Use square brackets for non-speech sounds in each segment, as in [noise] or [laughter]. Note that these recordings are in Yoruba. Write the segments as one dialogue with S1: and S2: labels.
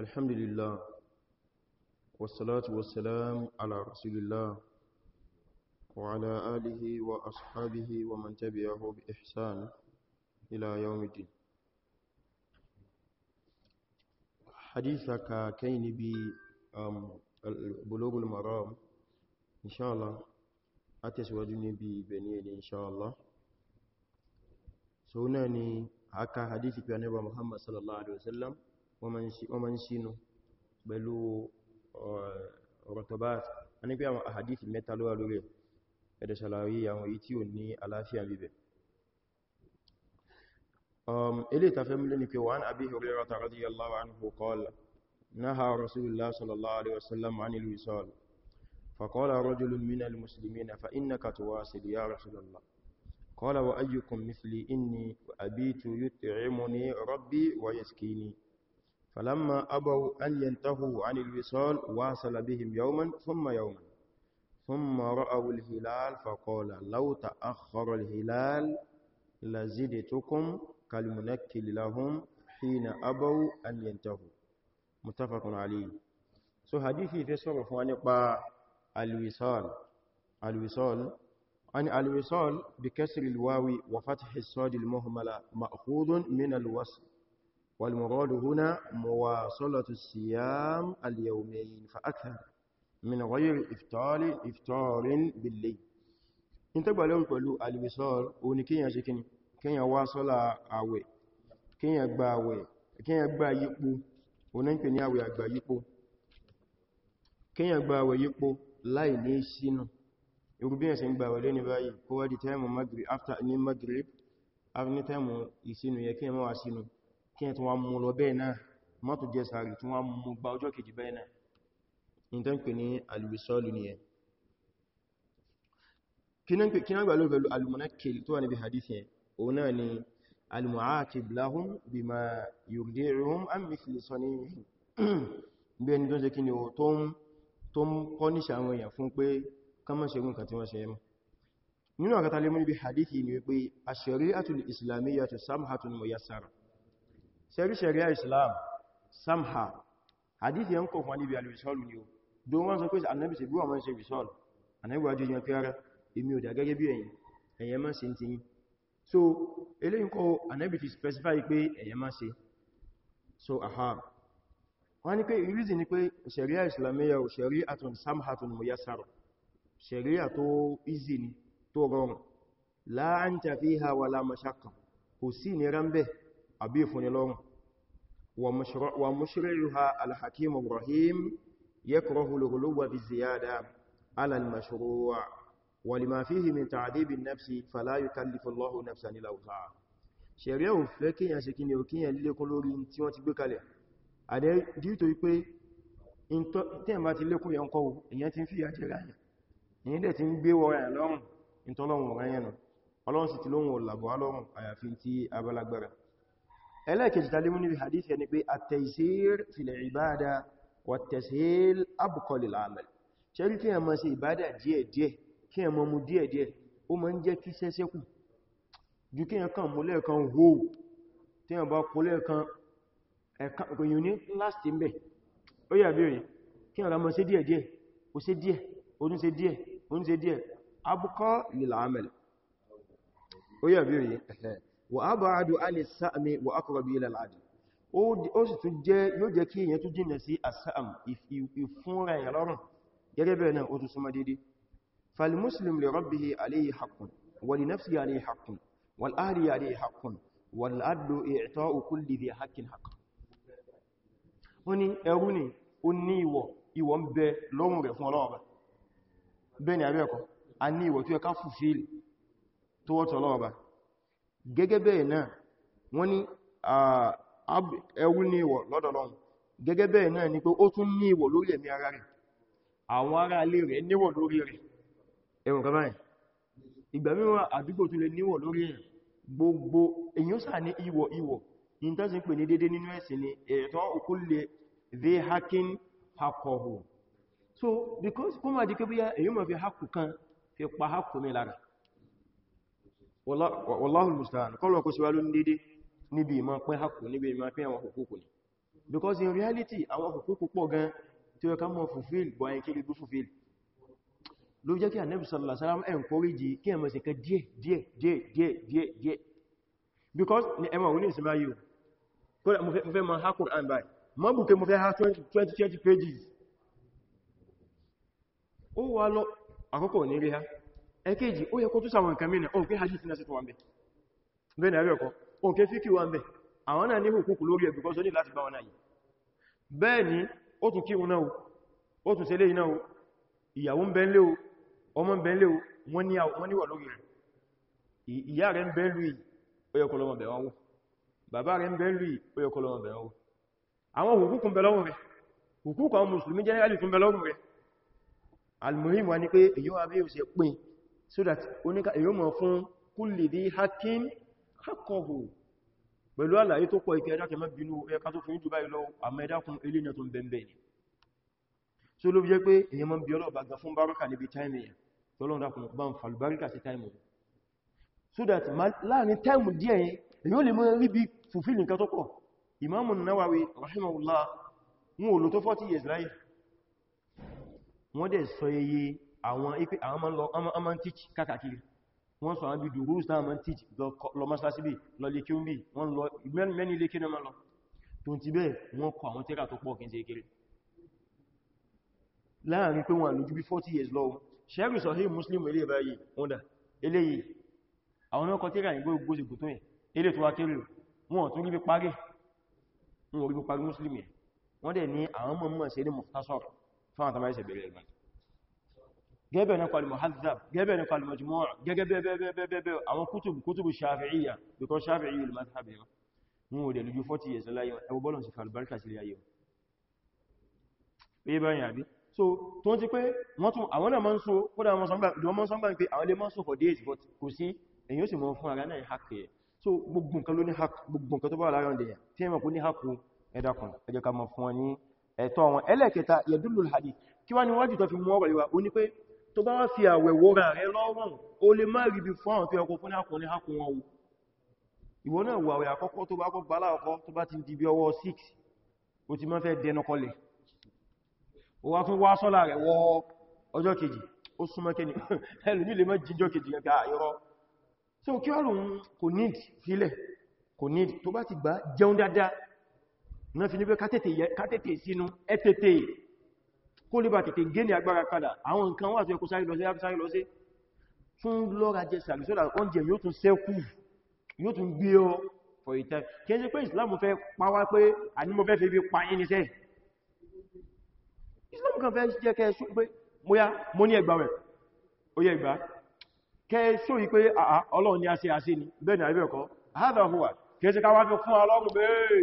S1: الحمد لله والصلاة والسلام على رسول الله وعلى آله وأصحابه ومن تبعه بإحسان إلى يوم الدين كاين كين بلوغ المرام إن شاء الله أتسواجني ببنيني إن شاء الله سوناني حكى حديثك عن محمد صلى الله عليه وسلم wọ́n ma ń sínú pẹ̀lú rọ̀tọ̀bát a ní pé àwọn àhàdìtì mẹ́ta ló wà lórí ẹ̀dẹ̀ ṣàlàyé àwọn èyí tí ò ní aláfíà bíbẹ̀ ilé ìtafẹ́ múlé ni pe awon ahaditi meta lo lori ede salaye awon yìí ti o ni alafia bibe àbí Hurairata radiyallahu anhu qala naha rasulullah sallallahu alaihi wasallam anil wisal فقال رجل من قال وأيكم مثلي إني أبيت يطعمني ربي ويسكيني فلما أبوا أن ينتهوا عن الوصال واصل بهم يوما ثم يوما ثم رأوا الهلال فقال لو تأخر الهلال لزدتكم كالمنكل لهم حين أبوا أن ينتهوا متفق عليه so hadithi fẹ́ sọ̀rọ̀ fún wa nípa alwisal alwisal ani alwisal bi kasri alwawi wa fathi as-sad min والمراد هنا مواصلة الصيام اليومين فأكثر من غير إفطار إفطار بالليل انت بقى لو pẹ̀lú الوصال oni kiyan ṣe kíni kiyan wá sola àwẹ̀ kiyan gba àwẹ̀ kiyan gba yipo oni npe ni àwẹ̀ agba yipo kiyan gba àwẹ̀ yipo láì ní sínú irú bí yẹn ṣe ń gba àwẹ̀ leni báyìí kó wá di time maghrib after ni maghrib after ni time ìsínú yẹ kiyan má wá sínú kí ẹ tí wọ́n mú lọ bẹ́ẹ̀ náà mọ́tò jẹ sàárì tí wọ́n mú gba ọjọ́ kejì bẹ́ẹ̀ náà ní tẹ́ ń pè ní alùbìsọ́lù ni ẹ kí náà gbà ló pẹ̀lú alùmọ́nákèlì tó wà níbi hadith yẹn òun náà ni alùmọ́ákèb lahum [clears throat] ni ó tó ń kọ́ níṣà àwọn èèyàn fún pé ṣẹ̀rí ṣẹ̀ríà Islam samha hadith yẹn kọ̀ fún alibi alìsọ́lù ni o do wọ́n sọ pé annabi ṣe bí wọ́n ṣe bisọ́lù annabi wájú yẹn pé ara èmi ò dà gẹ́gẹ́ bí ẹ̀yin ẹ̀yẹ má ṣe ti yín so eléyìn kọ́ annabi ti specify pé ẹ̀yẹ má ṣe so aha wọ́n ni pé ìrísì ni pé ṣẹ̀ríà islamiyya ò ṣẹ̀rí àtún samhatun muyassar ṣẹ̀ríà tó easy ni tó rọrùn la anta fiha wala mashaqqa kò sí ní rámbẹ̀ àbí ìfúnnilọ́rùn ومشرعها الحكيم إبراهيم يكره الغلو بالزيادة على المشروع ولما فيه من تعذيب النفس فلا يكلف الله نفسا إلا وسعها ṣẹ̀ríà ò fẹ́ kíyàn ṣe kí ni ò kíyàn lékún lórí tí wọ́n ti gbé kalẹ̀ àdẹ́ dìtò wípé tẹ́ẹ̀mà ti lékún yẹn kọ́ èyàn ti ń fìyà jẹ ráyàn èyàn dẹ̀ ti ń gbé wọ́ra ẹ̀ lọ́rùn ìtọ́lọ́run ọ̀rẹ́yàn náà ọlọ́run sì ti lóhun ọ̀làbọ̀ alọ́run àyàfi ti abalagbára ẹlẹ́ẹ̀kejì talimu níbi hadith yẹni pé at-taysir fil ibada wa at-tashil abqa lil amal ṣẹ́rí kí ẹ mọ́ sí ìbádà díẹ̀díẹ̀ kí ẹ mọ́ mú díẹ̀díẹ̀ ó mọ́ ń jẹ́ kí sẹ́sẹ́kù ju kí ẹ kàn mú lẹ́ẹ̀kan hó tí ẹ bá kó lẹ́ẹ̀kan ẹ̀kọ̀yìn ní láti ń bẹ̀ ó yà bèèrè kí ẹ mọ́ sí وابعد عن السام واقرب الى العدل او او تجي يو جي كي يان تو جينا سي السام يفون ران يلورن يجبنا او تو سمديدي فالمسلم لربه عليه حق ولنفسه عليه حق والاهل عليه حق والعدل اعطاء كل ذي حق حق وني اروني وني و iwo n bẹ lọ́wọ́n rẹ̀ fún ọlọ́ọ̀bá bẹ́ni abẹ́ẹ̀kọ́ a ní ìwọ̀ tí ẹ ká fùfíìlì tó wọ́tọ̀ gẹ́gẹ́ bẹ́ẹ̀ náà wọ́n ní ẹwú ní ìwọ̀ lọ́dọ̀lọ́run gẹ́gẹ́ bẹ́ẹ̀ náà ni pé ó tún ní ìwọ̀ lórí ẹ̀mí ara rẹ̀ àwọn ará ilé rẹ̀ níwọ̀ lórí rẹ̀ ẹ̀wọ̀n kan báyìí ìgbà mìíràn àdúgbò tún lè níwọ̀ lórí rẹ̀ gbogbo èyàn sà ní ìwọ̀ ìwọ̀ ìntẹ́sìn pè ní so because kó máa di kébíyà èyàn mọ̀ fi wallahu almusta'an kọ́lọ̀ kó síwá ló ń dédé níbi ìmọ̀ pẹ́ níbi ìmọ̀ pẹ́ àwọn ni because in reality àwọn hukuku pọ̀ gan tí ó ká mọ́ fulfill bọ̀ ayẹ́ kiri bú fulfill ló jẹ́ kí Ànábì ẹ̀kejì ó yẹ kó tún sàwọn nǹkan mìíràn òun pé hadith náà sí tó wà ń bẹ̀ bẹ́ẹ̀ ni àríọ̀kọ́ òun pé fíkì wà ń bẹ̀ àwọn náà ní hùkúkù lórí ẹ̀ bíkọ́ sóní láti bá wọn náà bẹ́ẹ̀ ni ó tún kírun náà ó tún ṣẹlẹ̀ iná ìyàwó ń bẹ́ńlé o ọmọ ń bẹ́ńlé o wọ́n ní wọ́n níwà lórí rẹ̀ ìyá rẹ̀ ń bẹ́ńlú yìí ó wa ni pé èyí wà bí ó ṣe so that oníka èyí mọ̀ fún kulli dhi haqqin haqqahu pẹ̀lú àlàyé tó pọ̀ ìkẹ́ ẹ̀dàkẹ́ mẹ́ bínú ẹka tó fún ìjú báyìí lọ àmọ́ ẹ̀dàkùn eléyìn tó ń bẹ̀m̀bẹ̀ ni so ló jẹ́ pé èyí mọ́ bí ọlọ́ọ̀bá gan fún bárúkà níbi táìmì ẹ̀ tọ́lọ́n dákùn bá ń falùbáríkà sí táìmù so that láàrin táìmù díẹ̀ yẹn èyí ó lè mọ́ rí bí fulfill nǹkan tó pọ̀ Imam Nawawi rahimahullah wọn ò lò tó 40 years láyé wọ́n dẹ̀ sọ yeye àwọn ipé àwọn ọmọ ń tíjì kákàkiri wọ́n sọ àwọn bí dùrúsù náà mọ́ ń tíjì lọ mọ́sílásí bí lọ lè kí ó ń bí wọ́n lọ mẹ́ni lè kí náà lọ tó ti bẹ́ẹ̀ wọ́n kọ àwọn tírà tó pọ̀ kí n ṣe kéré láàrin pé wọ́n lójú bí 40 years lọ́wọ́ ṣẹ́rù sọ hey muslim ilé ìbáyé wọ́n dà eléyìí àwọn ọkọ̀ tírà ìgbó gbóṣègbò tó yẹn ilé tó wá kéré wọ́n tún rí bí parí wọ́n rí bí parí muslim yẹn wọ́n dẹ̀ ní àwọn mọ̀ mọ̀ sí ní mukhtasar fún àtàmáyẹsẹ̀ bẹ̀rẹ̀ ìgbàtí gẹ́gẹ́ ní kwalmọ̀ hazab gẹ́gẹ́ ní kwalmọ̀ jimọ́ gẹ́gẹ́ bẹ́ẹ̀bẹ́ẹ̀bẹ́ àwọn kútùbù kútùbù shafi'iyya bíkọ́ shafi'i il mazhab yau mú wòdẹ̀ lójú 40 years láyé ẹwọ bọ́lọ̀ sí falbarka sí ayé so tó ti pé wọ́n tún àwọn náà mọ́n so kódà wọ́n sọ́gbà pé àwọn lè mọ́n so for days so gbogbo nǹkan ló ní hack gbogbo nǹkan tó bá lára ọ̀dẹ̀ yà tí ẹmọ̀ kó ní hack ẹ̀dà kan ẹ jẹ́ ká mọ̀ fún wọn ní kí wá ní wájú tó fi mú ọ̀rọ̀ ìwà ó pé tó bá wá fi àwẹ̀ wọ́ra rẹ̀ lọ́rùn o lè má rí bí fún àwọn tó ẹkùn fún àkùnrin hakùn wọn wò ìwọ náà wà àwẹ̀ àkọ́kọ́ tó bá kọ́ bá láàkọ́ tó bá ti di bí ọwọ́ 6 o ti má fẹ́ dẹnu kọlẹ̀ o wá tún wá sọ́lá rẹ̀ wọ ọjọ́ kejì ó súnmọ́ [laughs] kó lè bá tètè gé ní agbára padà àwọn nǹkan wà tó ẹkù sáré lọ́sí láti sáré lọ́sí tún lọ́ra jẹ sàrí sódà oúnjẹ yóò tún sẹ́kù yóò tún gbé ọ for a time kí n sí pé Islam fẹ́ pàwá pé àní mo fẹ́ fi bí pa yín níṣẹ́ Islam kan fẹ́ jẹ́ kẹ́ ṣó pé moya mo ní ẹgbà rẹ̀ ó yẹ ìgbà kẹ́ ṣó yí pé àà Ọlọ́run ni a ṣe àṣe ni bẹ́ẹ̀ ni àríbẹ̀ ẹ̀kọ́ hádà hùwà kí n sí ká wá fi fún Ọlọ́run bẹ́ẹ̀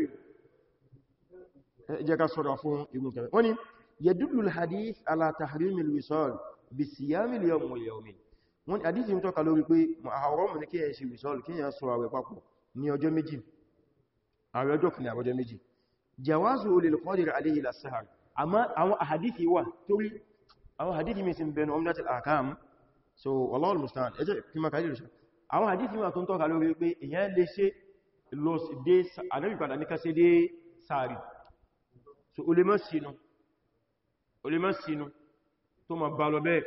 S1: jẹ́ ká sọ̀rọ̀ fún igun kẹrẹ wọ́n ni يدل الحديث على تحريم الوصال بالصيام اليوم واليومين wọ́n hadith ń tọ́ka lórí pé muharram ní kí ẹ ṣe wisol kí ẹ so àwẹ̀ papọ̀ ní ọjọ́ méjì àwẹ̀ ọjọ́ kan ní ọjọ́ méjì jawazu lil qadir alayhi la so wallahu almustaan eje kí ma kadir sha àwọn hadith wà tó ń tọ́ka lórí pé ẹ̀yàn lè ṣe so ulama sinu o lè má sínú tó ma bá lọ bẹ́ẹ̀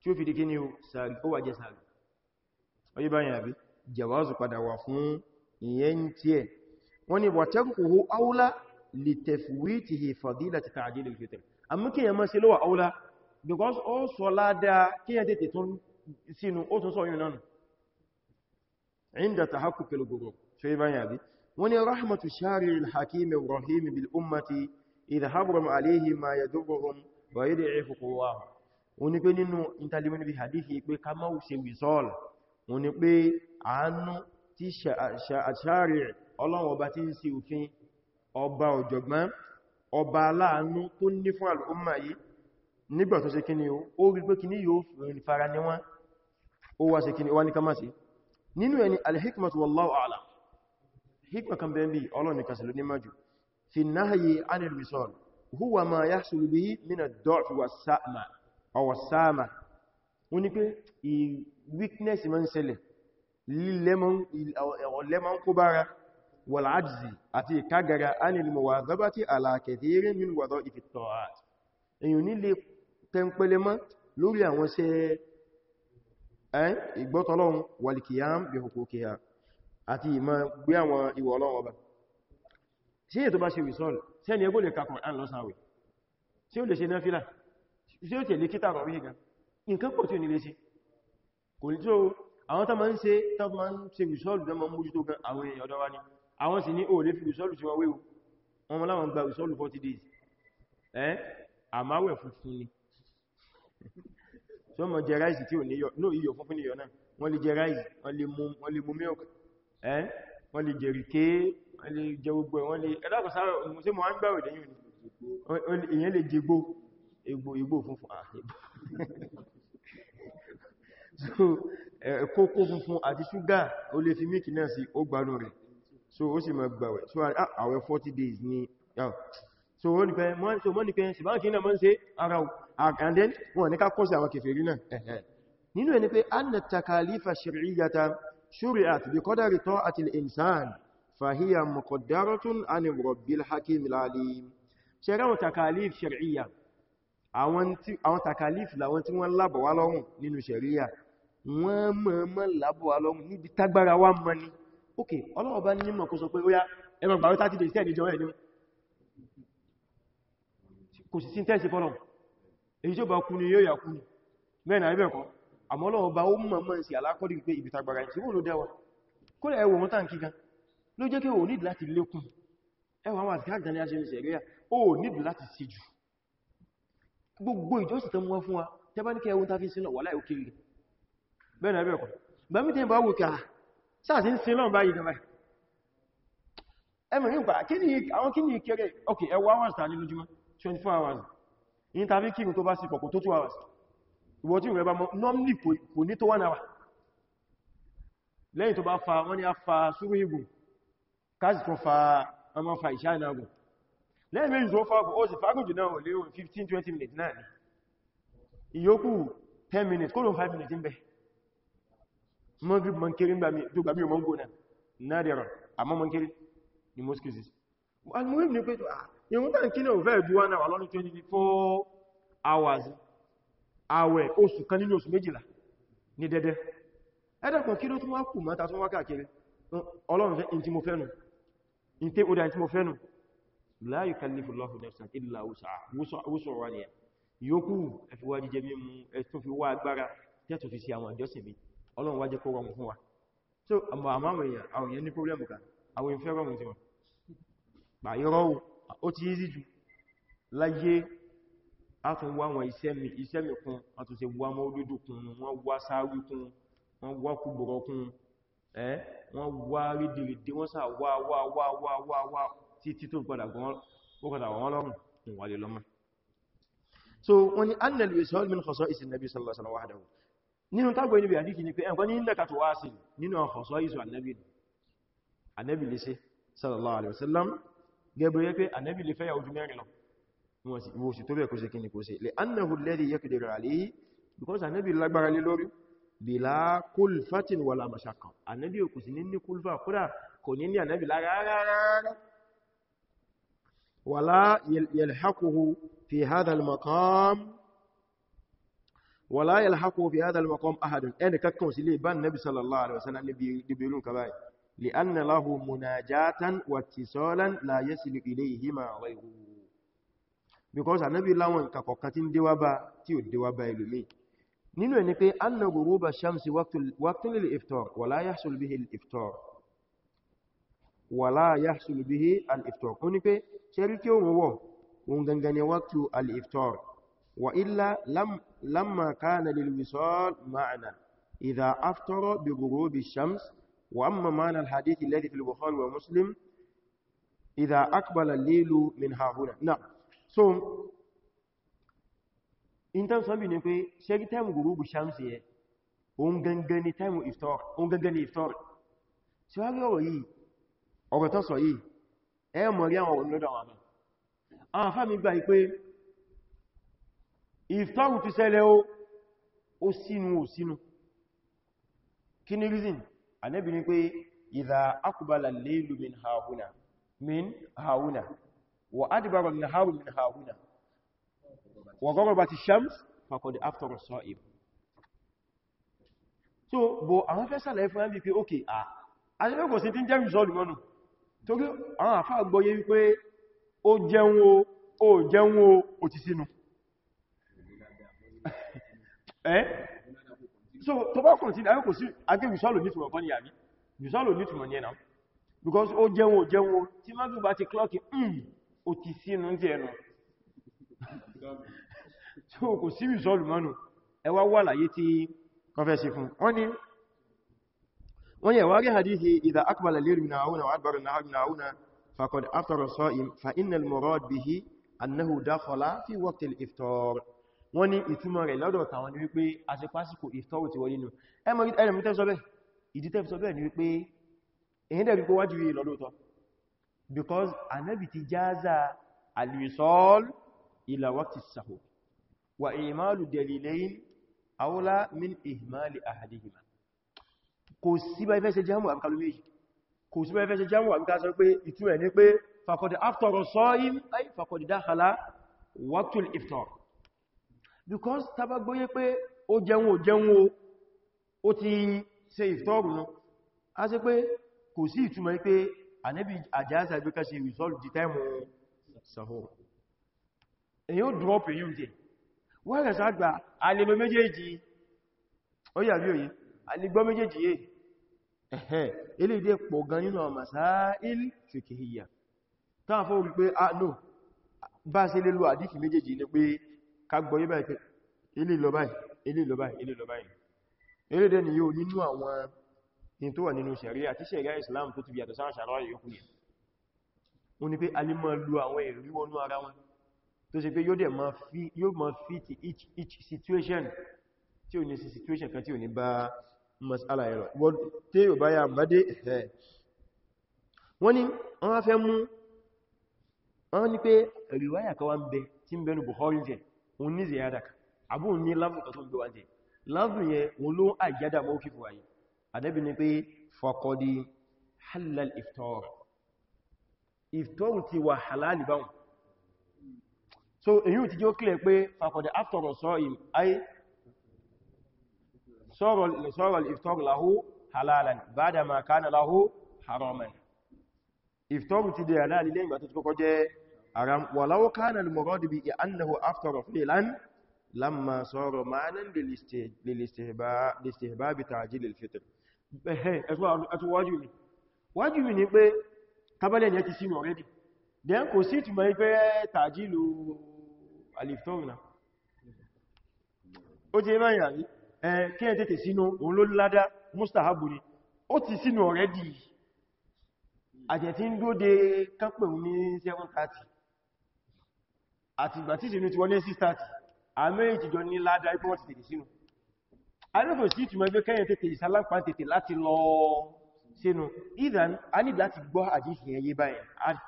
S1: tí ó fi di kíni o sàárì ó wà jẹ sàárì ọyí báyìí àbí jẹ̀wázù padà wà fún ìyẹn tí ẹ̀ wọ́n ni wàtẹ́kùkù áúlá lè tẹ̀fúwí ti hì fàdílà ti because ó sọ ládáa kí yẹ tètè tún sínú ó tún sọ yìí náà inda ta haku pẹ̀lú gbogbo ṣe báyìí àbí wọ́n إذا ma ya ما يدرهم ويدعف قواه ó ní pé nínú intalimini bí hadithi pé ká máa ṣe wisol ó ní pé àánú tí ṣàṣàrí ọlọ́wọ́ bá ti ń ṣe òfin ọba ọ̀jọ̀gbọ́n ọba aláàánú tó ní fún al'umma yìí nígbà tó ṣe kíni ó rí pé kíni yóò fara ní ó wá ṣe kíni wá ní kamasi nínú ẹni alhikmatu wallahu ala. hikma kan bẹ́ẹ̀ bí ọlọ́nìkan في النهي عن الوصال هو ما يحصل به من الضعف والسامة أو السامة ونيكي weakness man ṣẹlẹ̀ lilemon lilemon kubara wal ajzi àti kagara anil muwadhabati ala kathirin min wadha'if at-ta'at ẹ̀yin ni le tempele mọ́ lórí àwọn ṣe eh igbo àti ma gbé àwọn ìwọ sí ètò bá ṣe wìsọ́l sí ẹni ẹgbó lè ka Kùránì lọ́sàwẹ̀ sí ó lè ṣe náfílà sí ó tẹ̀lé kíta rọ̀ wíga nǹkan pọ̀ tí ó nílé sí kò ní tó àwọn tó máa ń ṣe tó ṣe ni àwọn sì ní ó lè fi wìsọ́lù sí wọn wéwu wọn láwọn gba wìsọ́lù 40 days ẹ́ àmáwẹ̀ funfun ni tó mọ̀ jẹ ráìsì tí ò ni iyọ̀ náà wọ́n lè jẹ ráìsì wọ́n lè wọ́n lè jẹ̀ríké wọ́n lè jẹ gbogbo ẹ̀ wọ́n lè ẹ̀dàkùn sára tí mo wá ń gbà òdẹ̀ yìí èyàn lè jẹgbó egbò igbó funfun [laughs] so kókó funfun àti ṣúgà ó lè fi míkì náà sí ó gbanú rẹ̀ so ó sì máa gbàwẹ̀ so days ni so wọ́n ni pé wọ́n ni pé ṣìbáǹkì náà mọ́ ń ṣe ara and then wọ́n ní ká kọ́ sí àwọn kèfèrí náà nínú ẹni pé anna takalifa shari'iyata شرعت بقدر طاعة الإنسان فهي مقدرة عن رب الحكيم العليم شرعوا تكاليف شرعية àwọn takalif láwọn tí wọ́n lábọ̀ wá lọ́rùn nínú ṣẹ̀ríyà wọ́n mọ̀ọ́mọ̀ lábọ̀ wá lọ́rùn níbi tágbára wá mọ́ ní òkè Ọlọ́run bá nímọ̀ kó sọ pé ó yá ẹmọ̀ gbàrú 30 days tẹ́ẹ̀ níjọ ẹ̀yọ́ kò sí sí tẹ́ẹ̀sì àmọ́lọ́wọ́ bá ó mọ̀ mọ́ sí alákọ́dí pé ibi tagbara ìtí wọ́n ló dẹ́wà kó lẹ́ ẹwọ̀ wọ́n tàǹkì gan ló jẹ́ kí o nídì láti lékún ẹwà àwọn àti káàkiri aṣe ìṣẹ̀rí o nídì láti sí jù gbogbo ìjọsìn tán wọ́n fún wa tẹ́ bá ní kẹwọn tàfi ni ìkẹrẹ ok ẹwà hours tàà ní lójúmọ́ 24 hours ní tàbí kírun tó bá sí pọ̀pọ̀ hours ìwọ̀n tí ìrẹ̀ bá mọ́ normally kò ní tó wà náà lẹ́yìn tó bá fa wọ́n ni a fa súrú igun káàsì tó fa ọmọ fa ìṣá ìnagun lẹ́yìn méjì tó fagùn ó sì fagùn jù náà lè 15-20 minutes náà ni ìyókù 10 minutes kó ló 5 minutes ń bẹ mọ́gí mọ́nkiri tó gbàmí mọ́ngó náà nádẹ̀rọ̀ àmọ́ mọ́nkiri ni most cases almuhim ni pé ah, tó à ìrùn tàn kí náà fẹ́ ìdúwà náà wà lọ́nà 24 hours àwẹ̀ oṣù kan nínú oṣù méjìlá ní dẹ́dẹ́ ẹ́dàkùn kí ló tún wá kù mọ́ta tún wá káàkiri ọlọ́run fẹ́ in tí mo fẹ́nu la yukallifu Allahu nafsan illa wus'aha yóókù ẹ̀fíwá jíjẹ mímu ẹ̀tún fi wá agbára tẹ́tù fi sí àwọn àjọsìn mi ọlọ́run wá jẹ́ kó rọrùn fún wa so àmọ́ àmáwọn èèyàn àwọn èèyàn ní pọ́blẹ́mù kan àwọn ìfẹ́ rọrùn tí wọ́n gbà yọ́rọ̀ ó ti yí sí jù láyé a tún wá wọn iṣẹ́mì kún a tún ṣe wá mọ́ olódò kún wọ́n wá sáwí kún wọ́n wá kúgbọ̀rọ̀ kún ẹ́ wọ́n wá rídìrídì wọ́n sà wá wá wá wá wá wá títí tó padà wọ́n lọ́rùn ìwàlẹ̀ so wọ́n ni annal wisal min khasa'is an-nabi sallallahu alaihi wa sallam nínú tagbo ni bi hadisi ni pé en ko ni nda ka to wasi nínú khasa'is an-nabi an-nabi lè ṣe sallallahu wọ́n sì tó bẹ̀ kó ṣe kíni kó ṣe lè annahu alladhi yaqdiru alayhi because anabi lágbára lé lórí bila kulfatin wala mashaqqa anabi kò sí ní kulfa kódà kò ní ní anabi lára wala yalhaquhu fi hadha al-maqam wala yalhaquhu fi hadha al-maqam ahadun ẹni kakkan sí lè bá nabi sallallahu alaihi wasallam níbi dìbìrún kabai لأن له مناجاة واتصالا لا يصل إليهما غيره because anabi láwọn ka kọ̀kan tin de wa bá tí ò de wa bá ẹlòmí nínú ẹni pé anna guruba shamsi waqtun lil iftar wala yahsul bihi al iftar wala yahsul bihi al iftar ó ní pé ṣẹ́rí kí òun wọ̀ òun gangane waqtu al iftar wa illa lam lamma kana lil wisal ma'na idha aftara bi gurubi shams wa amma ma'na al hadith alladhi fi al bukhari wa muslim idha aqbala al lailu min hahuna na'am so in terms of being pe se ki time guru bu shamsi e on gangan ni time iftar on gangan ni iftar se wa yi o ko to so yi e mo ri awon lo da wa mo ah fa mi gba yi pe iftar ti se o sinu o sinu kini reason anebi ni kwe idha aqbala al-laylu min hauna min hauna وأدبر النهار من هاهنا وغربت الشمس فقد أفطر الصائم so bo àwọn fẹ́ ṣàlàyé fún an bí pé okay ah àṣẹ kò sí tin jẹ result monu torí àwọn afa gbọ́yé wí ó jẹun o ó jẹun o ó ti sínú [laughs] eh so tó bá continue ayo kò sí age result ni tumo kan ni àbí result ni tumo because ó jẹun o jẹun o tí magu bá ti clock hmm, ó ti sínú tí ẹnu tó [laughs] kò sí rìsọ́lù mọ́nù ẹwà wà láyé tí kọfẹ́sì fún wọ́n ni wọ́n yẹ̀ wárí hadithi idha aqbala al-laylu minahuna wa adbara an-nahari minahuna faqad aftara as-sa'im fa inna al ni wípé àṣepásíkò dẹ̀ wípé wájú yìí lọ́lọ́tọ̀ because anabi ti jaza al-wisal ila waqti as-sahur wa imalu dalilayn awla min ihmali ahadihima kò sí bá ife ṣe jamu abi kalu méjì kò sí bá ife ṣe jamu abi ká sọ pé itu e ni pé faqad aftara sa'im ay faqad dakhala waqtul iftar because tabagboye pé ó jẹun ó jẹun ó ti ṣe iftar nu a ṣe pé kò sí ìtumọ̀ pé ànẹ́bí àjáṣà bí ka ṣe resolve di time sahur èyí ó drop èyí ń jẹ wọ́n rẹ̀ sàgbà alẹ́lọ méjèèjì ó yà bí òye alẹ́gbọ́ méjèèjì eh eh ilé ìdẹ́ pọ̀ gan nínú masail fiqhiyya táà fọ́ wípé a no bá sí lélú àdífì pe ní pé ká gbọ́ yé báyìí ilé lọ n'inu in tó wà nínú ṣẹ̀ríà tí ṣẹ̀ríà Islam tó ti yàtọ̀ sáà ṣàrọ̀ yóò kúrò o ní pé a lè máa lo àwọn ẹ̀rí wọnú ara wọn tó ṣe pé yóò máa fit each each situation tí ò ní sí situation kan tí ò ní bá masala ẹ̀rọ tí yóò bá yà bá dé ẹ̀ wọ́n ni wọ́n fẹ́ mú wọ́n ni pé riwaya kan wá ń bẹ tí ń bẹnu Bukhari jẹ Ànábì ní pé faqadi halal iftar iftar ti wà halal báwọn so èyí ti jẹ́ ó kílẹ̀ pé faqadi aftar as-sa'im ay sara al-iftar lahu halalan ba'da ma kana lahu haraman iftar ti di halal lẹ́yìn ìgbà tó ti kọ́kọ́ jẹ́ haram walau kana al-murad bi annahu aftara fi'lan lamma sara ma'nan lil-istihbab ta'jil al-fitr ehe ni wájú ni pé tábálẹ̀ ni ẹ ti sínú already then kò sí ìtùmọ̀ ní pé tààjí ó ti ẹmà ìyàrí kí ẹ tètè sínú òun ló ládá mustahabu ni ó ti sínú àjẹ̀tí ń dóde kápẹ̀ 7:30 ati ti ìtìjọ ní ládá ipọ́n ti tètè sínú anífò sí ìtumọ̀ ẹgbẹ́ kẹ́yìn tètè ìsàlápá tètè láti lọ sínú ìdán a ní láti gbọ́ àdífì ẹyẹ báyìí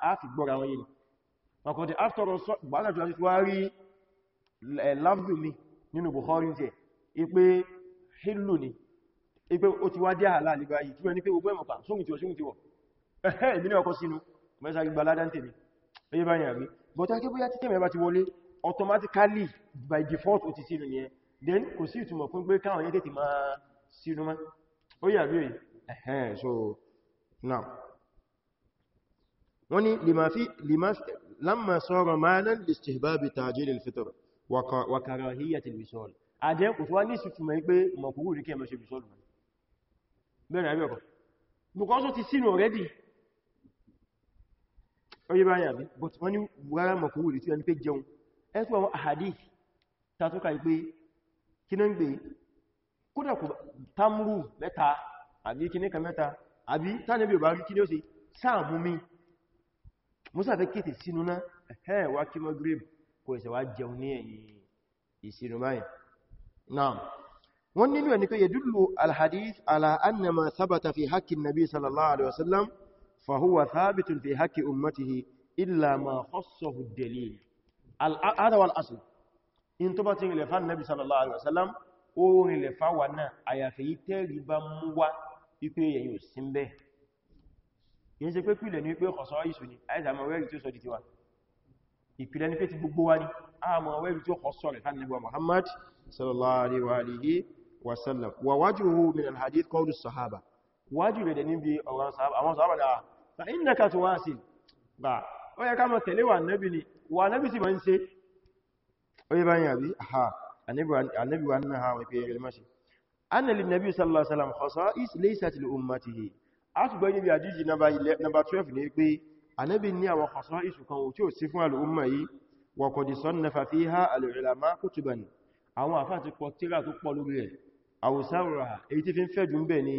S1: a fi gbọ́ra wọn yìí ọkọ̀ tí after all gbọ́gbàtí láti wá rí lábdù mi nínú Bukhari tẹ̀ ipé hìlù ni ipé ó ti wá dé àhàlà nígbà yìí tí wọ́n ní pé ogbó ẹmọ̀pá sóhun tí ó sóhun tí wọ́ ẹ̀mí ní ọkọ̀ sínú mẹ́sà gbà ládá tèmi ẹyẹ báyìí àrí bọ̀tá kí bóyá títẹ̀mẹ́ bá ti wọlé automatically by default ó ti sínú then kò sí ìtumọ̀ fún pé káwọn yẹ́ tètè máa sínú má ó yà bí ẹ̀hẹ́n so now wọ́n ni lamma sọ́rọ̀ malan listihbabi tajil al-fitr wa karahiyat al-wisal a jẹ́ kò tó wá ní ìsìtùmọ̀ pé mọ̀kúrú rí kẹ́ mọ́ṣe bisol mọ́ bẹ́rẹ̀ àbí ọkọ̀ because ó ti sínú already ó yí báyà bí but wọ́n ni wọ́n mọ̀kúrú rí tí wọ́n ni kínan ní ń gbé kódà kò tamru mẹ́ta àbí kí ní ka mẹ́ta àbí tánàbí ọba rí kí ní ó sì sáàmú mi musa fẹ́ kéte sínú náà ẹ̀hẹ́ wá kí Maghrib kò ẹ̀sẹ̀ wá jẹun ní ẹ̀yìn ìsinú báyìí naam wọ́n nínú ẹni pé yadullu alhadith ala anna ma thabata fi haqqi nabi sallallahu alaihi wasallam fa huwa thabitun fi haqqi ummatihi illa ma khassahu ad-dalil al-adha wal asl in tó bá ti rinlẹ̀ fán nabi sallallahu alaihi wasallam ó rinlẹ̀ fáwà náà àyàfẹ́ yí tẹ́rì bá mú wá ipé èyàn ò sí bẹ́ yí ṣe pé pìlẹ̀ ní pé ọ̀sọ́ ìṣò ni àìsà àmọ́ wẹ́rì tí ó sọ di tiwa ìpìlẹ̀ ní pé ti gbogbo wa ni àmọ́ wẹ́rì tí ó kọ́sọ̀ rẹ̀ fán nabi Muhammad sallallahu alaihi wasallam wa wajhuhu min al-hadith qawlu sahaba wájú rẹ̀ dẹ̀ níbi ọ̀rọ̀ àwọn sahaba da ah, fa innaka tuwasil ba ó yẹ ká mọ̀ wa nabi ni wa nabi sì máa ń ó yí báyìí àbí ha annabi wa náà wọ́n pé rẹ̀ mashi annalin nabi sallallahu alaihi wasallam khasa'is laysat li ummatihi a ti gbọ́ níbi àjíjì nọba 12 ní pé annabi ní àwọn khasa'is kan tí ó sí fún al'umma yìí wa qad sannafa fiha al-ulama kutuban àwọn àfá ti pọ̀ tíra tó pọ̀ lórí rẹ̀ àwòsáwòrà èyí tí fi ń fẹ́ jù ń ni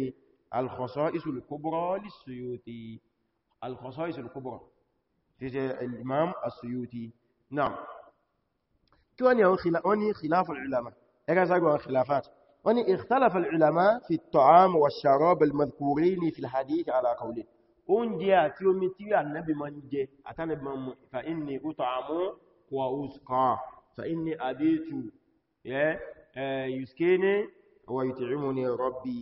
S1: al-khasa'is al-kubra lis-Suyuti al ti ṣe imam as-Suyuti kí wọ́n ni àwọn ní khilafu ulama ẹgbẹ́ sagbọn àwọn khilafat wọ́n ni ikhtalafa ulama fi ta'am wa sharab al-madhkurin fi al-hadith ala qawlin oúnjẹ àti omi tí annabi ma ń jẹ àtànabi ma mú fa inni ut'amu wa usqa fa inni abitu yuskini wa yut'imuni rabbi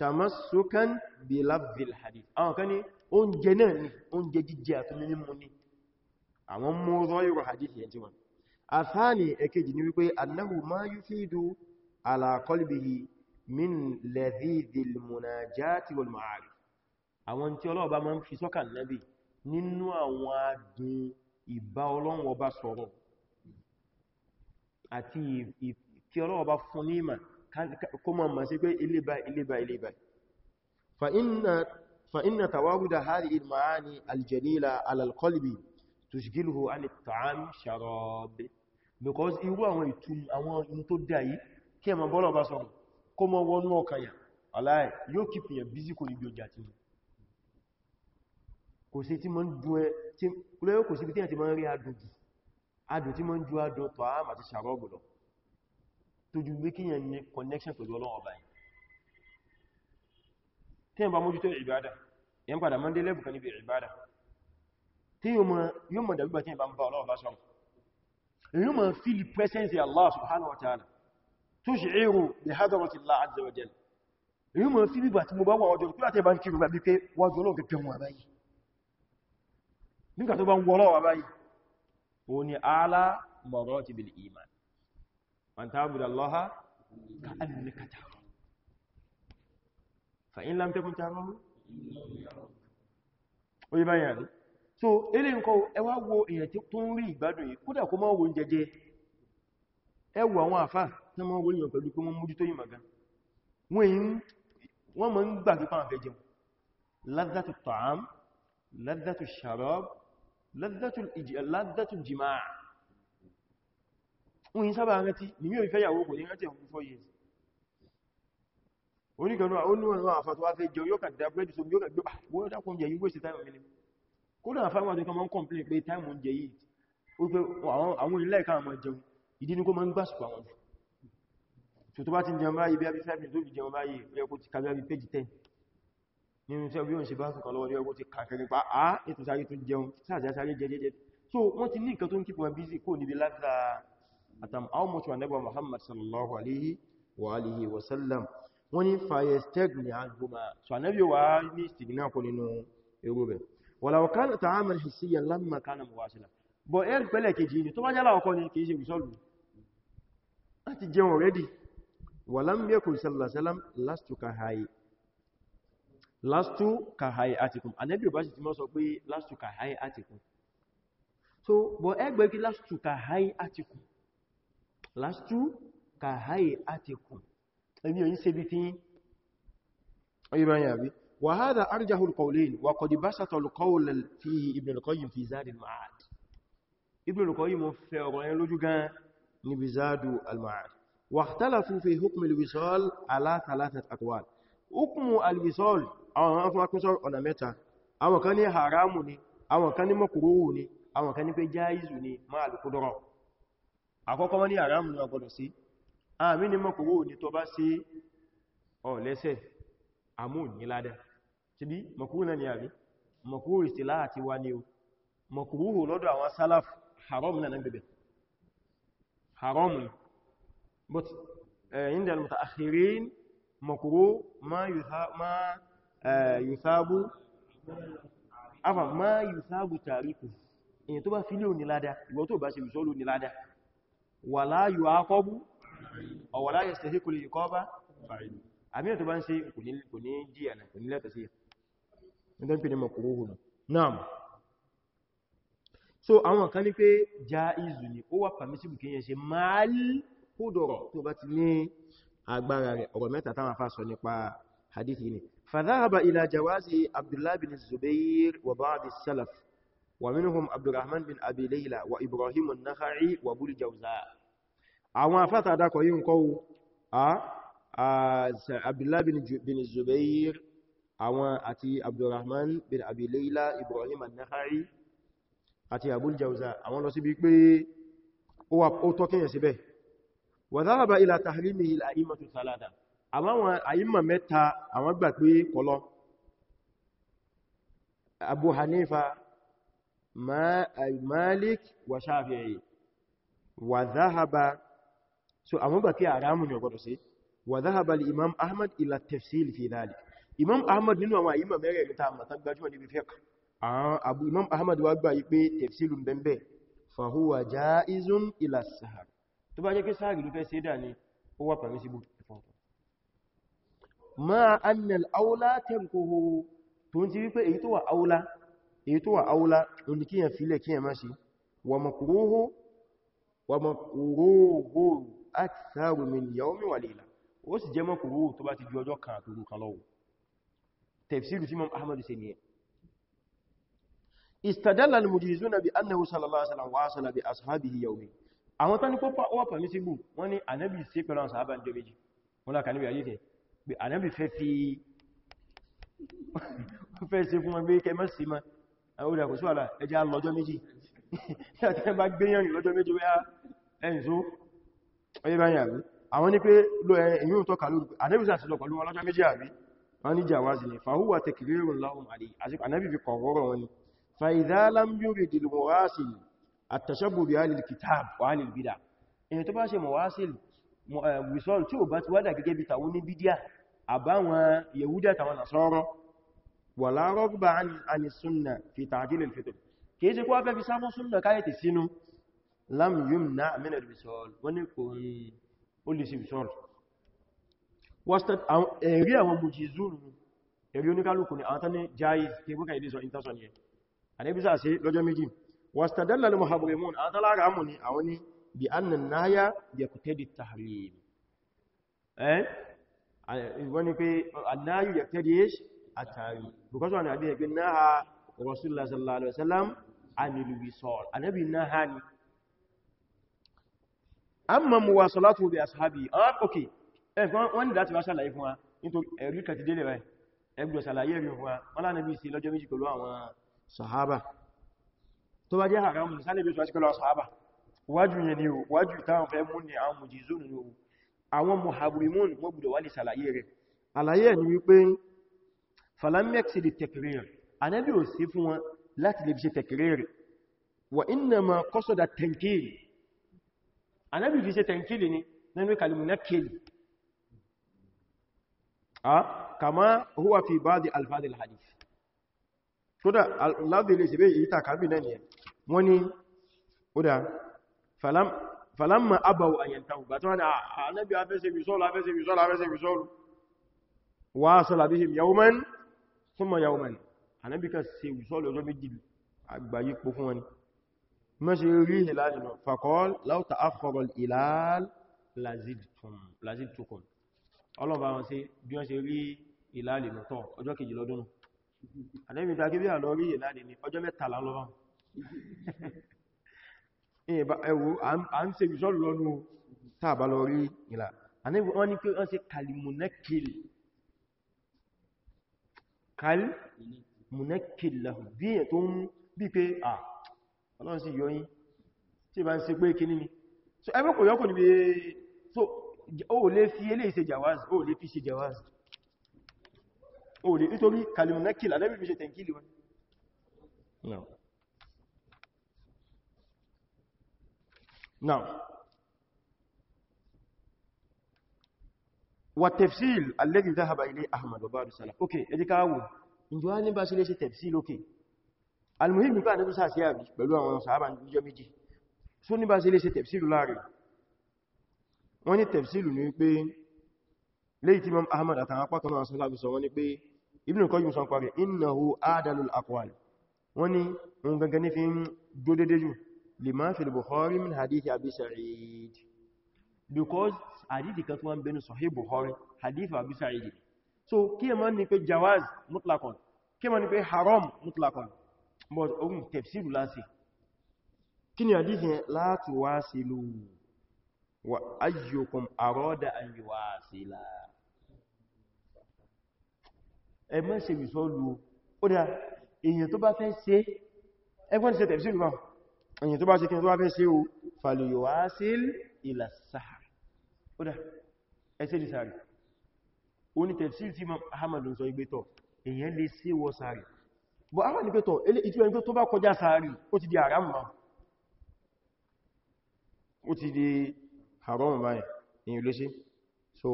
S1: tamassukan bi labdil hadith àwọn kan ní oúnjẹ náà ni oúnjẹ jíjẹ àti mímú ni àwọn mú rọ́yìnrọ̀ hadith yẹn tí wọn àfáàní ẹ̀kejì ni wípé annahu ma yufidu ala qalbihi min ladhidil munajati wal ma'arif àwọn tí ọlọ́ọ̀bá máa ń fi sọ́kàn kó mọ̀ mọ̀ sí pé ilé báyìí ilé báyìí ilé báyìí fa inna fa inna tawaruda hadhihi al-ma'ani al-jalila ala al taam sharab because irú àwọn ìtum àwọn in tó dá yìí kí ẹ mọ̀ bọ́lọ̀ bá sọ̀rọ̀ kó mọ̀ wọnú ọkàn yà aláì yóò keep yẹn busy kò ní bí ọjà tí kò sí tí mọ́ ń dú ẹ tí kò sí bí tí ẹ ti mọ́ ń rí adùn tí mọ́ ń dú adùn tọ́ àmà ti tójú gbé kíyàn ní connection pẹ̀lú Ọlọ́run Ọba yìí tí yàn bá mójútó ìbádà yàn padà mọ́ndé lẹ́bùkan níbi ìbádà tí yóò mọ̀ dàbígbà tí yàn bá ń bá Ọlọ́run Ọba sọ́rọ̀ yóò mọ̀ feel presence Allah subhanahu wa ta'ala tushiru bi hadrati Allah azza wa jalla yóò mọ̀ feel gbà tí mo bá wà ọjọ́ tó láti bá ń kírù gbà bí pé wájú Ọlọ́run kẹfẹ́ wọn báyìí nígbà tó bá ń wọ́ Ọlọ́run báyìí òun ni ala marati bil أن تعبد الله كأنك تراه فإن لم تكن تراه ويبان يعني so ele nko ẹ wá wo èyàn tí tó ń rí ìgbádùn yìí kódà kó má wo njeje ẹ wo àwọn àfáà tán má wo èyàn pẹ̀lú pé wọ́n mójú tó yìí magan wọ́n yin wọ́n ma ń gbà pa fẹ́ jẹun ladatu ta'am ladatu sharab ladatu ladatu jimaa oyin sábà rántí ní mí ò fẹ́ yàwó kò ní rántí àwọn fọ́ yìí oníkanú àwọn àfàtọ́ wá fẹ́ jẹ yóò kàdá bẹ́ẹ̀dì sóbi yóò kàgbé ah, wọ́n dákùn jẹ yígbó sí táìmù mínú kódà àfáwọn àti ọmọ kọ̀mplẹ̀ pé táìmù jẹ yìí ó pé àwọn ilẹ̀ ìka àmọ́ jẹun ìdí ní kó máa ń gbásùkò àwọn jù tó tó bá ti jẹun báyìí bí abí fẹ́mi tó fi jẹun báyìí ó yẹ kó ti kàbí abí péjì tẹ́ nínú iṣẹ́ bí wọ́n ṣe bá sùn kan lọ́wọ́ ní ọgbọ́n ti kàkiri pa á ètò sáré tó jẹun sáàjá sáré jẹjẹjẹ so wọ́n ti ní nǹkan tó ń kípọ̀ bízì kò níbi látàá àtàm àwọmọ̀tún ànẹ́gbà Muhammad sallallahu alaihi wa alihi wasallam wọ́n ni fàyẹ̀ stagni alhuma so ànẹ́bí wa ní stigna kò nínú irú rẹ̀ walau kana ta'amal hissiyan lamma kana muwasila bọ̀ ẹ̀rì pẹ́lẹ̀ kejì ni tó bá jẹ́ láwọ́kọ́ ni kìí ṣe ìṣọ́lù láti jẹun rẹ́dì walam yakun sallallahu alaihi ka hayi lastu so bọ̀ ẹgbẹ́ kí lastu ka lastu ka haye atikum ẹni oyin ṣe bí tí ọyíbá yà bí wà hádà arjahul qawlayn wà qad basata al-qawl fihi ibn al-qayyim fi zadil ma'ad ibn al-qayyim fẹ́ ọ̀rọ̀ yẹn lójú gan ní bí zadu al-ma'ad wà ikhtalafu fi hukm al-wisal ala thalathat aqwal hukm al-wisal àwọn afọ́ akúnsọ́ ọ̀nà mẹ́ta àwọn kan ní haramu ni àwọn kan ní makruhu ni àwọn kan ní pé jaizu ni ma al-qudra àkọ́kọ́ wọ́n ní àrámù ní ọgbọ̀dọ̀ sí àmì ah, ní mọ́kòwò ní tó bá sí ọ̀lẹ́sẹ̀ àmú ní ládá tí bí mọ́kòwò náà ni àbí mọ́kòwò ìsìlá àti wá ní o mọ́kòwò lọ́dọ̀ àwọn sálàf haram náà bẹ̀bẹ̀ but eh, inda al-mutaakhirin mọ́kòwò ma eh, yusabu afa ma yusabu tariku èyàn tó bá fi lé òní ládá ìwọ tó wàlá yóò akọ́bú ọ̀wàlá yẹ̀ stẹ̀sí kò lè kọ́ bá àmìyàn tó bá ń ṣe kò ní díyà náà kò ní lẹ́tọ̀ sí ẹ̀dọ́n ní mọ̀kúrúhùn náà so àwọn kan ní pé já ìzù ni ó wà pàmísìbù kí yẹn ṣe máàlì kúdọ̀rọ̀ tó bá ti ní agbára rẹ̀ ọ̀rọ̀ mẹ́ta táwọn afá sọ fadhahaba ila jawazi abdullahi bin zubair wa ba'd as-salaf ومنهم عبد الرحمن بن أبي ليلى وإبراهيم النخعي وابو الجوزاء àwọn afáta àdákọ̀ yí ń kọ́ Abdullah bin Zubair àwọn àti Abdurrahman bin Abi Layla Ibrahim al-Nakhai àti Abu al-Jawza àwọn lọ sí bí pé ó tọ́kíyàn síbẹ̀ wa dhahaba ila tahrimihi al-a'immatu thalatha àwọn àyíma mẹ́ta àwọn gbà pé kọlọ Abu Hanifa Malik wa Shafi'i wa dhahaba so àwọn gbà kí àrámù ní ọgbọ̀dọ̀ sí wa dhahaba li Imam Ahmad ila tafsil fi dhalik Imam Ahmad nínú àwọn àyímọ̀ mẹ́rẹ̀ ìta àmàtà gbajúmọ̀ níbi fiqh àwọn abu Imam Ahmad wá gbà yí pé tafsilu ń bẹ́m̀bẹ̀ fa huwa ja'izun ila sahar tó bá jẹ́ kí sáàrì ló fẹ́ sí dà ní ó wà pàmí síbù ma annal aula tẹ́mkòho tó ń ti wípé èyí tó wà aula èyí tó wà áúlá ní kí yàn fílẹ̀ kí yàn má ṣe wà makruhu wà makruhu aktharu min yawmi wa layla ó sì jẹ́ makruhu tó bá ti di ọjọ́ kan àtòrò kan lọ́wọ́ tafsiru tí Imam Ahmad ṣe nìyẹn istadalla al-mujizuna bi annahu sallallahu alaihi wasallam wasala bi ashabihi yawmi àwọn tán ní kó pa wà fẹ́ sí [laughs] fún wọn bí mọ́ sí máa àwọn òdàkù sí wàlá [laughs] ẹjá lọ́jọ́ méjì láti ẹbá gbéyàn lọ́jọ́ méjì wẹ́ ẹ̀nzó ọyẹ́ báyìí àbí àwọn ní pé lọ ẹ̀yìn tó kàlù àdẹ́bìsà sí lọ pẹ̀lú ọlọ́jọ́ méjì àbí wọ́n ní jàwázì ní fàhúwà tẹkìrìrùn láhùn àdì àti ànábì fi kọ̀wọ́rọ̀ wọn ni fàìdá lámbírí dìl mọ̀wásìl àtàṣọ́bù bí alìl kìtàb wà alìl bídà èyí tó bá ṣe mọ̀wásìl wàlá rọ́gbà àni súnnà fi tààdìlì fìtò kìí ṣe kó wá fẹ́ fi sáfún súnnà káyẹ̀tì sínú lam yumna min al-wisal wọ́n ní kò rí ó lè sí bisol ẹ̀rí àwọn mujizun ẹ̀rí oníkálùkù ni àwọn tán ní jaiz tí búkà ìdí sọ intason yẹ àdébísà sí lọ́jọ́ méjì wastadalla al-muharrimun àwọn tán lára mú ni àwọn ni bí anna náyà yaqtadi at-tahrim eh wọ́n ni pé annáyù yaqtadi àtàrí because wọn àbí ẹgbẹ́ náà rasulullah sallallahu alaihi wasallam anil wisal anabi náà ni amma muwasalatu bi ashabi ah okay ẹ̀fọn wọ́n ni láti wá ṣàlàyé fún wa nítorí ẹ̀rí kàti délé rẹ̀ ẹgbẹ̀ ṣàlàyé rí fún wa wọ́n lánàbí sí lọ́jọ́ méjì pẹ̀lú àwọn sàhábà tó bá jẹ́ haramu sálẹ̀bí ṣe pẹ̀lú sàhábà wájú yẹn ni o wájú táwọn fẹ́ mú ní àwọn mùjìzún ni o àwọn muhabbimun falamex di tekrir anábí ò sí fún wọn láti lè fi ṣe tekrir wa inna ma qasada tankil anábí fi ṣe tankil ni nínú kalimunakil a kama huwa fi ba'di alfad alhadith kódà lábílé ṣe bẹ́ ìyíta kàbí náà ni wọ́n ni kódà falamma abawu ayantahu bàtí wọ́n ni anábí ah, afẹ́sẹ̀ bisọ́lù afẹ́sẹ̀ bisọ́lù afẹ́sẹ̀ bisọ́lù wa sala bihim yawman súnmọ̀ yàwó mẹ́ni ànábíkà ṣe ìṣọ́lù ọjọ́ méjì àgbàyípo fún wọn mọ́ ṣe rí ìlàlì náà fàkọ́l láwọ́ta akọrọ̀ ìlàl lazidtukun ọlọ́ba wọn sí bí wọ́n ṣe rí ìlàlì náà tọ́ ọjọ́ kejì lọ́dún ànábíkà kí bí à lọ rí ìlàlì ní ọjọ́ mẹ́tàlá lọ́wọ́ ẹwù à ń ṣe ìṣọ́lù lọ́nu tàbá lọ rí ìlà ànábíkà wọ́n ní pé wọ́n ṣe kalimunekili kal munakkilahu bí ẹ̀ tó ń bí pé à ọlọ́run sí yọyín tí bá ń ṣe pé kíní ni so ẹgbẹ́ kò yọ́kùn níbi so o lè fi elé se jawaz o lè fi ṣe jawaz o lè nítorí kal munakkil alẹ́bí fi ṣe tẹ̀kílì wọn now والتفصيل الذي ذهب إليه أحمد وبعد السلام أوكي إذا كاو إن جواني باش ليش تفصيل أوكي المهم يبقى نبي ساعة سيابي بلوا وانا صحابة نجا ميجي سوني باش ليش تفصيل لاري wọ́n ní tẹ̀fṣílù ní pé léyìí tí Imam Ahmad àtàwọn apá kan náà sọ́lá bí sọ wọ́n ní pé Ibn Qayyim sọ pàrẹ innahu adalul aqwal wọ́n ní ohun gangan ní fi ń dódédé jù lima fil Bukhari min hadithi Abi Sa'id because hadithi kan tó wọ́n bẹnu Sahih Bukhari hadith Abu Sa'id so kí ẹ máa ní pé jawaz mutlakon kí ẹ máa ní pé haram mutlakon but ohun tefsiru láti
S2: kí ni hadith yẹn
S1: la tuwasilu wa ayyukum arada an yuwasila ẹ má ṣe bisolu ó dá èyàn tó bá fẹ́ ṣe ẹgbọ́n ṣe tefsiru bá èyàn tó bá ṣe kí ni tó bá fẹ́ ṣe o ila sahab ó dá ẹsẹ́ di sàárì ó ní tẹ̀sí tí Muhammad sọ igbe tọ̀ èyàn lè sí wọ sàárì bọ̀ àwọn ní pé tọ̀ ìtìwẹ̀ ní pé tó bá kọjá sàárì ó ti di haram ma ó ti di haram báyìí èyàn lè ṣe so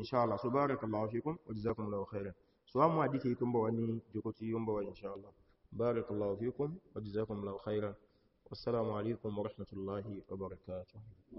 S1: inshallah so barakallahu fikum wa jazakumullahu khairan so wá mú àdíkì ó ń bọ̀ wá inshallah